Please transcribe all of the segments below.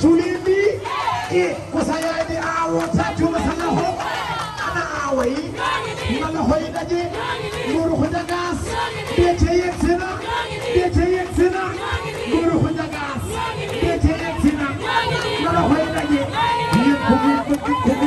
julimbi e ko sayade awota joma sala ho ana awayi mala hoye daje goro ho jagas bete yen sena bete yen sena goro ho jagas bete yen sena mala hoye daje yen ko min ko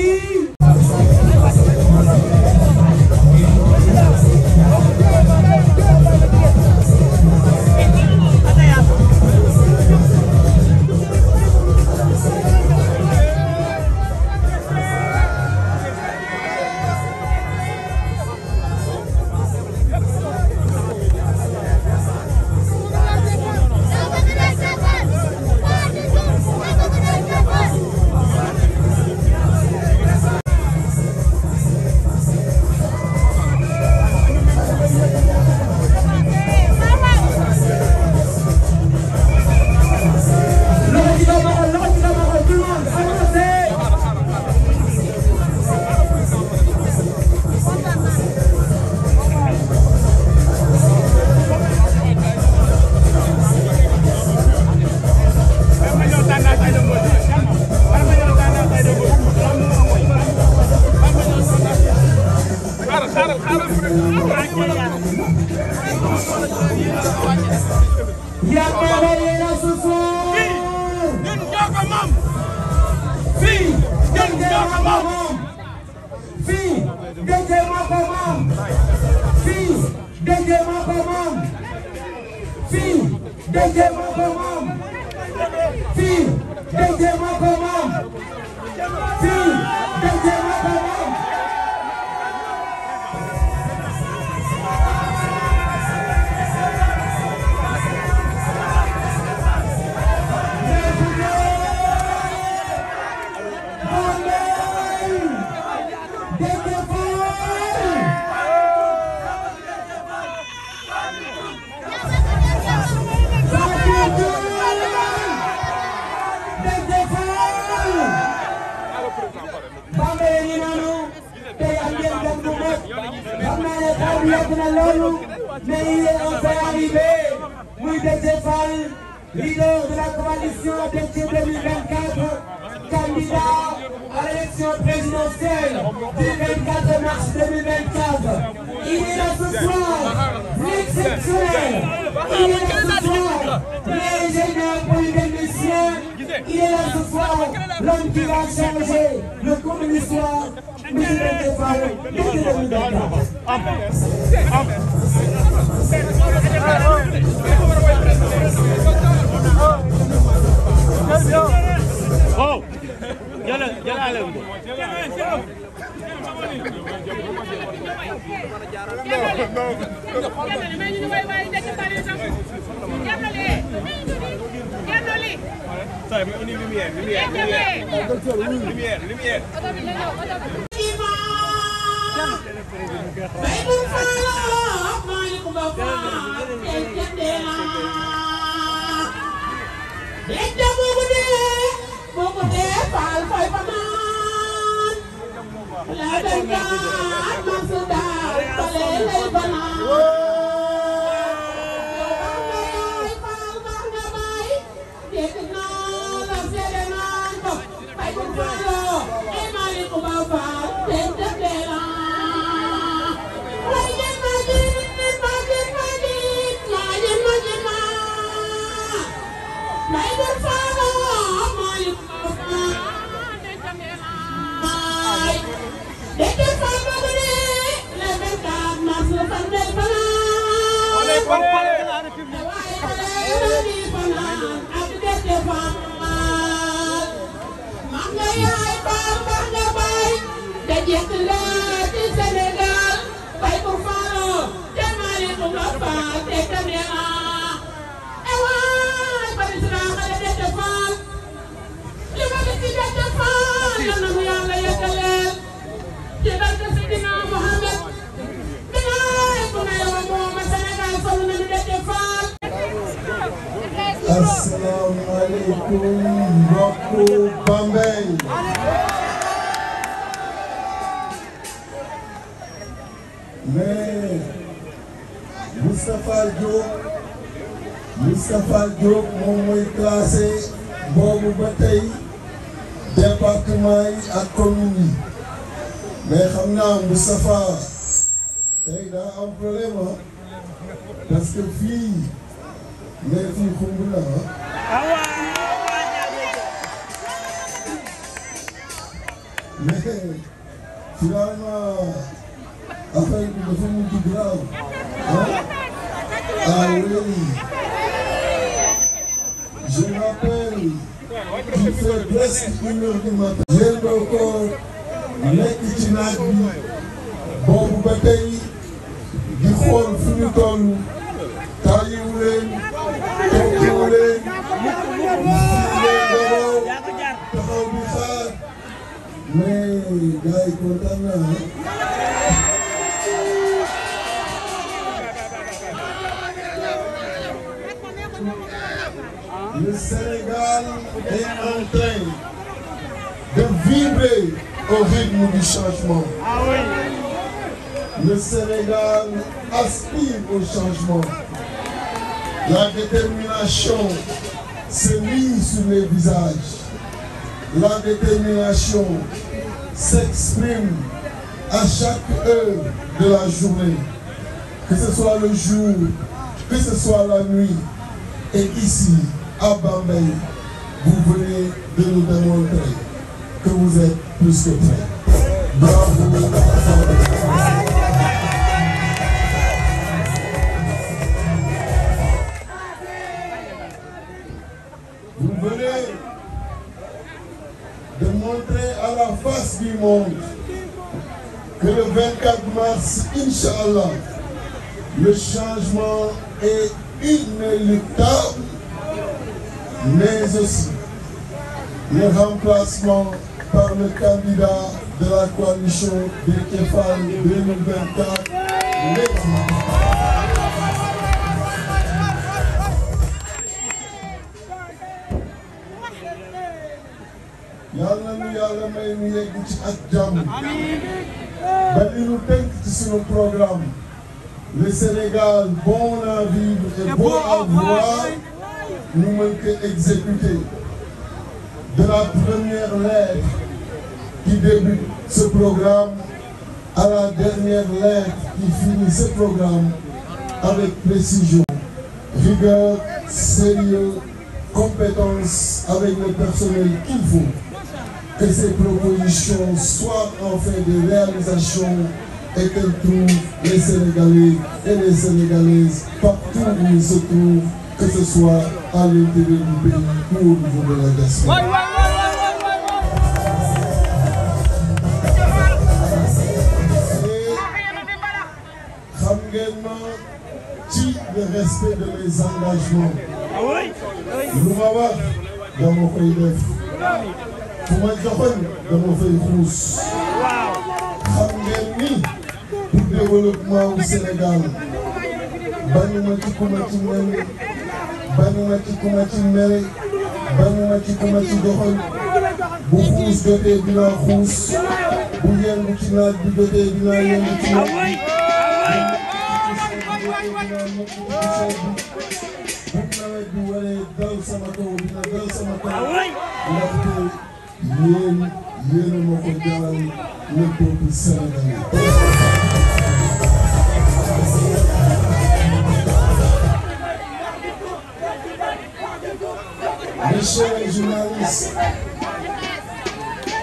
Salut Lumière, lumière, lumière. بين الفراق مالك بفاق الجندينا دجا بوبدي بوبدي فال فاي فنان لا دجا مرسدان فليل البنان mbokku Bambey mais Moustapha Diop Moustapha Diop moom mooy classé boobu ba tey département ak commune mais xam naa Moustapha tey daa am problème ah parce mais fii xumb ah. Ah, mais finalement affaire bi dafa mujj grave ah oui je m'appelle il fait presque une heure du matin. jëndoo ko nekk ci naaj bi boobu ba tey di xool fu ñu toll tàyyiwu leen toppiwu leen taxaw bi xaar. mais gars yi kontaan naa le Sénégal est en train de vibrer au rythme du changement. Le Sénégal aspire au changement. La détermination se lit sur les visages. La détermination s'exprime à chaque heure de la journée, que ce soit le jour, que ce soit la nuit. Et ici, à Bambay, vous venez de nous démontrer que vous êtes plus que face du monde que le changement est inéluctable, mais aussi le remplacement par le candidat de la coalition des Kefal 2024 may ñu yegg ci le Sénégal bon à et beau à voir ñu mën de la première lettre qui débute ce programme à la dernière lettre qui finit ce programme avec précision, rigueur, sérieux, compétence avec le personnel qu'il faut. que ces propositions soient enfin des réalisations et qu'elles trouvent les Sénégalais et les Sénégalaises partout où ils se trouvent, que ce soit à l'intérieur du pays ou au niveau de la diaspora. xam ngeen ma ci le respect de mes engagements. Ah lu ma wax dama koy def. bu ma joxoon dama fay xuus xam ngeen ni pour développement wu Sénégal banuma ci kuma ci mel banuma ci kuma ci mere banuma ci kuma ci doxal bu xuus jotee dinaa xuus bu yendu ci naaj bi jotee dinaa yendu ci naaj bi bu nawet bi waree dal sama kaw dina dal sama kaw ndaxte yéen yéen a ma ko jaal le peuple sénégalais Mes chers journalistes,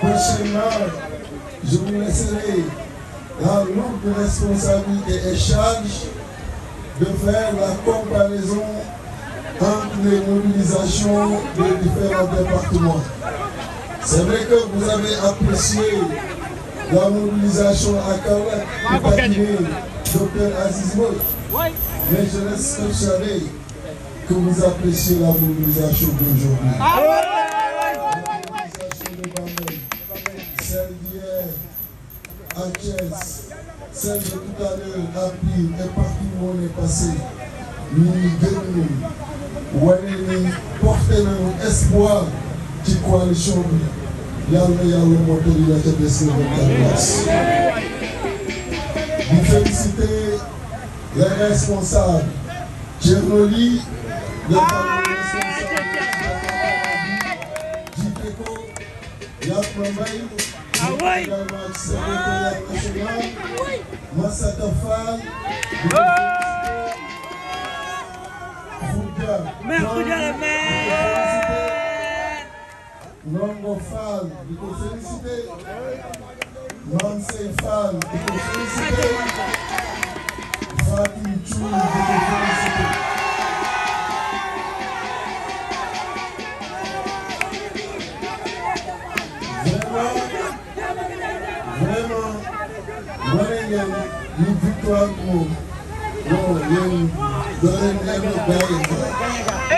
prochainement, je vous laisserai la lourde responsabilité et charge de faire la comparaison entre les mobilisations des différents départements. C'est vrai que vous avez apprécié la mobilisation à Kaolack pour accueillir Docteur Aziz Mbodj. Mais je reste persuadé que vous appréciez la mobilisation d'aujourd'hui. La mobilisation de celle de tout à et partout où on est passé. ñu ngi gën wane ni porté nañu espoir ci yàlla na yàlla mottali la ca des le 24 mars. di féliciter les responsables Thierno Ly le responsable Ndongo Fall di ko félicité Mame Sey Fall di ko félicité Fatou Thioune di ko félicité vraiment vraiment wane ngeen ñu victoire ko non yéen doole ngeen ko bàyyi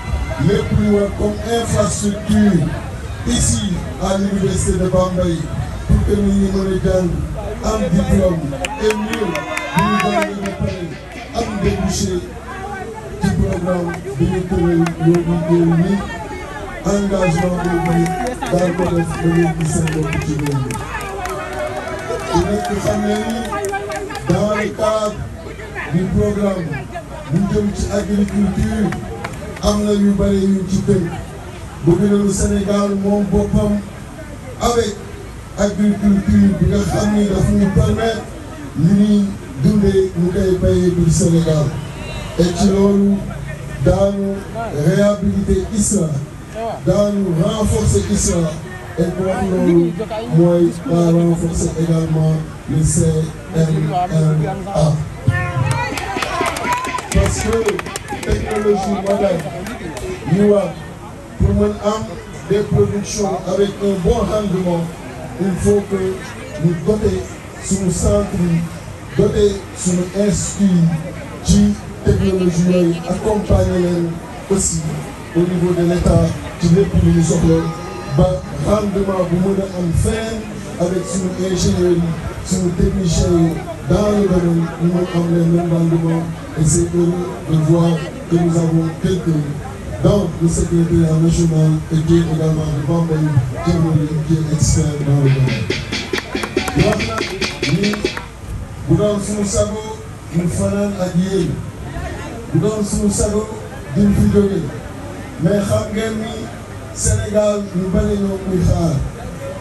lépp lu war comme infrastructure ici à l'université de Bambey pour que nit ñi mën a jàng am diplôme et mieux bu ñu jàngee ba pare am débouché ci programme bi ñu tëral yóbbu réew mi engagement boobu ni daal ko def ba ngeen gis seen bopp ci réew mi. te nekk xam ne ni dans le cadre du programme bu jëm ci agriculture. am na yu bëri yu ci tënk bu gënalu Sénégal moom boppam avec agriculture bi nga xam ni daf ñu permettre ñu ñuy dundee ñu koy bayee biir Sénégal et ci loolu daanu réhabiliter ISRA daanu renforcer ISRA et pour wax loolu mooy daa renforcer également le CNRA parce que technologie moderne ñu wax pour mën am des productions un bon rendement il faut que ñu doter suñu centre yi ci technologie yooyu accompagner leen aussi au de l'État ci lépp lu ba rendement bu mën a am fenn avec suñu ingénieurs yi suñu techniciens yi dans le domaine du monde anglais, même dans le monde, et c'est heureux de voir que nous avons quelques dans le secrétariat national et qui est également de Bambay, qui est expert dans le domaine. wax nag ni bu doon suñu sago ñu fanaan ak yéen bu doon suñu sago duñ fi jógee mais xam ngeen ni Sénégal ñu bari ñoo muy xaar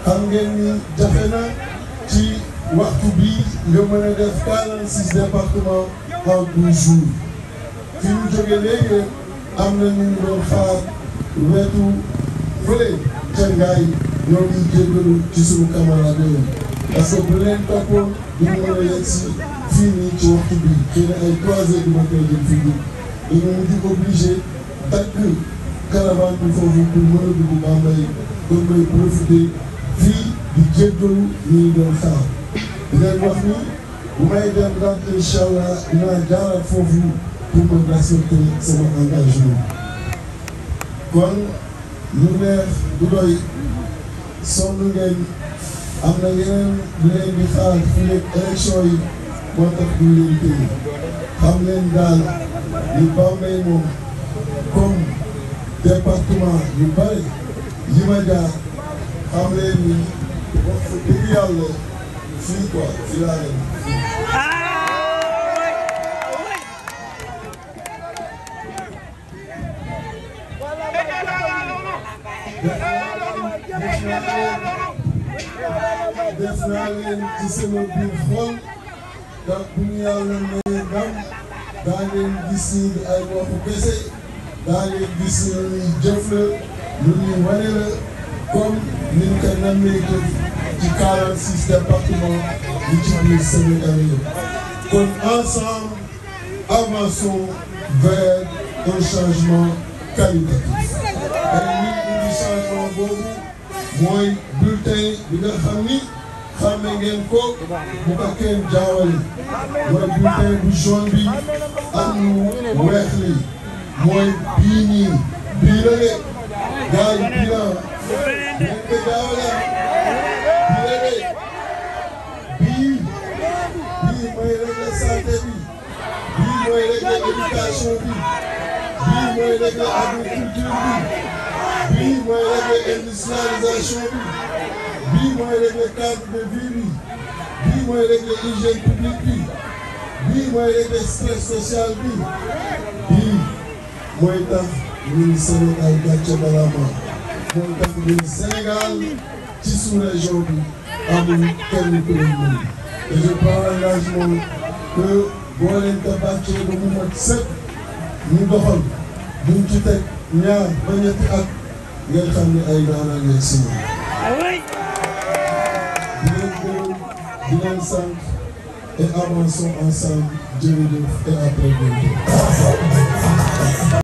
xam ngeen ni jafe na. waxtu bi nga mën a def 46 départements en 12 jours fi ñu jóge léegi am na ñu doon xaar wetu fële ca ngaay ñoo ngi jéggalu ci suñu camarade yi parce que bu leen toppoon duñu mën a yegg si fii ci waxtu bi xëy ay 3 heures du matin lañ fi jóg dañu mujj obligé dagg caravane bi foofu pour mën a dugg Bambey kon may profité fii di jéggalu ñuy doon xaar di leen wax ni bu may dem ndax incha allah dinaa jaaral foofu pour mën respecter sama engagement. kon lu neex du doy sonn ngeen am na yeneen lu leen di xaar fi nekk élection yi moo tax du leen téye xam leen daal ni Bambey moom comme département yu bari yi ma jaar xam leen ni wax dëgg yàlla. si quoi si laa leen. def naa leen ci sama biir xol ndax bu ñu yàlla may ndam daa leen gis ni ay waxu kese daa leen gis ni lu ñuy jëf la lu ñuy wane la comme niñ ko nammee jëf ci 46 départements yu kon ensemble avançons vers un changement qualitatif ay nit ñi di mooy bulletin bi nga xam ni ko bu ko jaawale mooy bulletin bu jaune bi ak lu mooy bii nii bii la de gars éducation bi bii mooy régler agriculture bi bii mooy régler industrialisation bi bii mooy régler cadre de vie bi bii mooy régler hygiène publique bi bii mooy régler stress social bi bii mooy tax ñun Sénégal gàcce balama mooy tax ñun Sénégal ci sous-région bi amul kenn ku leen mën et je prends l'engagement que boo leen ko bàccee ba mu mat sëkk ñu doxal duñ ci teg ñaar ba ñetti at ngeen xam ne ay naana ngeen si moom. di leen gërëm di leen sant et avançons ensemble jërëjëf et à très bientôt.